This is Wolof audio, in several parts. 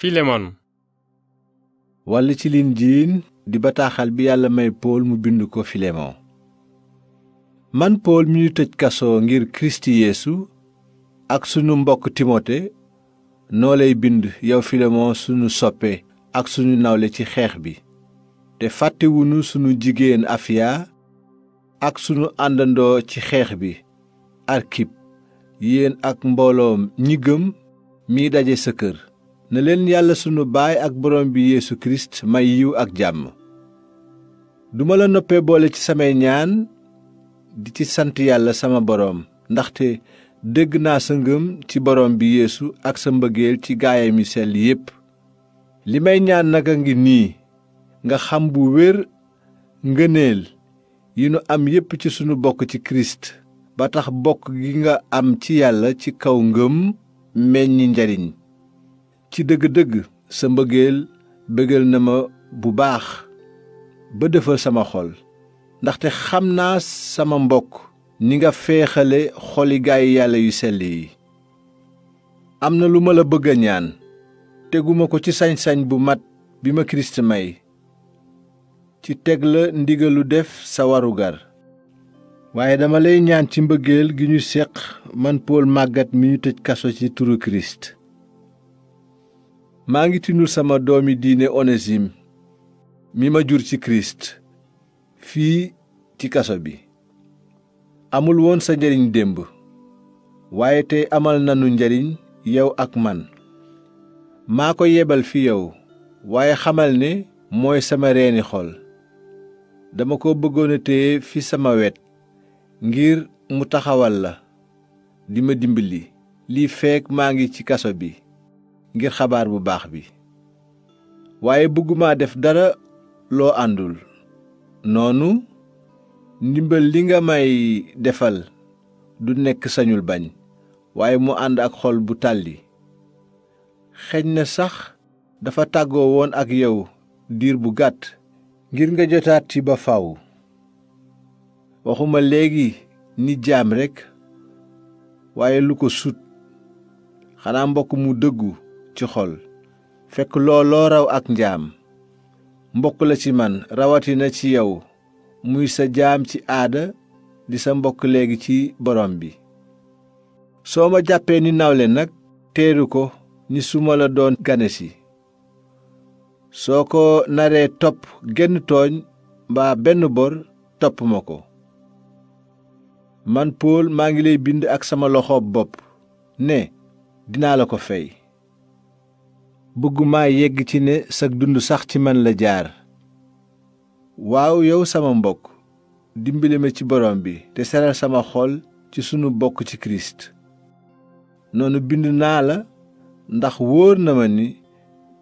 filemon walla ci linjiin di bataaxal bi yàlla may pool mu bind ko filemon man pool mi tëj kaso ngir kirist yeesu ak sunu mbokk timote noo lay bind yow filemon sunu soppe ak sunu nawle ci xeex bi te fàttewuñu sunu jigéen afiya ak sunu àndandoo ci xeex bi arkip yéen ak mbooloom ñi gëm mi daje sa kër na leen yàlla sunu baay ak boroom bi Yeesu Kirist may yiw ak jàmm duma la noppee boole ci samay ñaan di ci sant yàlla sama boroom ndaxte dégg naa sa ngëm ci borom bi Yeesu ak sa mbëggeel ci gaayam yu sell yépp li may ñaan nag a ngi nii nga xam bu wér ngëneel yi nu am yépp ci sunu bokk ci Kirist ba tax bokk gi nga am ci yàlla ci kaw ngëm meññi njariñ ci dëgg-dëgg sa mbëggeel bëggal na ma bu baax ba defal sama xol ndaxte xam naa sama mbokk ni nga feexale xoli gaay yàlla yu sell yi am na lu ma la bëgg ñaan teguma ko ci sañsañ bu mat bi ma kirist may ci teg la ndigalu def sa warugar waaye dama lay ñaan ci mbëggeel gi ñu séq man pool màggat mi ñu tëj kaso ci turu kirist maa ngi tinul sama doomi diine onesim mi ma jur ci kirist fii ci kaso bi amul woon sa njariñ démb waaye tey amal nanu njariñ yow ak man maa ko yebal fi yow waaye xamal ne mooy sama reeni xol dama ko bëggoon a téye fi sama wet ngir mu taxawal la di ma dimbali lii feek maa ngi ci kaso bi ngir xabaar bu baax bi waaye bëgguma def dara loo àndul noonu ndimbal li nga may defal du nekk sañul bañ waaye mu ànd ak xol bu tàlli xeñ na sax dafa tàggoo woon ak yow diir bu gàtt ngir nga jotaat ci ba faw waxuma léegi ni jaam rekk waaye lu ko sut xanaa mbokk mu dëggu ci xol fekk looloo raw ak njaam mbokk la ci man rawatina ci yow muy sa jaam ci aada di sa mbokk léegi ci borom bi soo ma jàppee ni nawle nag teeru ko ni su ma la doon gane si soo ko naree topp genn tooñ mbaa benn bor topp ma ko man Pool maa ngi lay bind ak sama loxoob bopp ne dinaa la ko fey bëgguma yegg ci ne sag dund sax ci man la jaar waaw yow sama mbokk dimbali ma ci borom bi te seral sama xol ci sunu bokk ci kirist noonu bind naa la ndax wóor na ma ni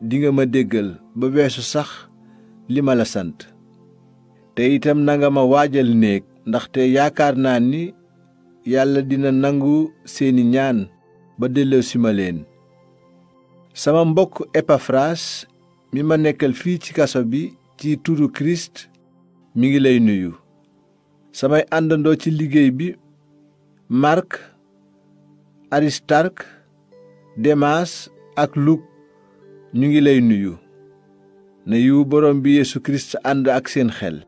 dinga ma déggal ba weesu sax li ma la sant te itam na nga ma waajal néeg ndaxte yaakaar naa ni yàlla dina nangu seeni ñaan ba delloosi ma leen sama mbokk epafras mi ma nekkal fii ci kaso bi ci turu kirist mi ngi lay nuyu samay àndandoo ci liggéey bi mark aristark demaas ak luk ñu ngi lay nuyu na yiwu borom bi yeesu kirist ànd ak seen xel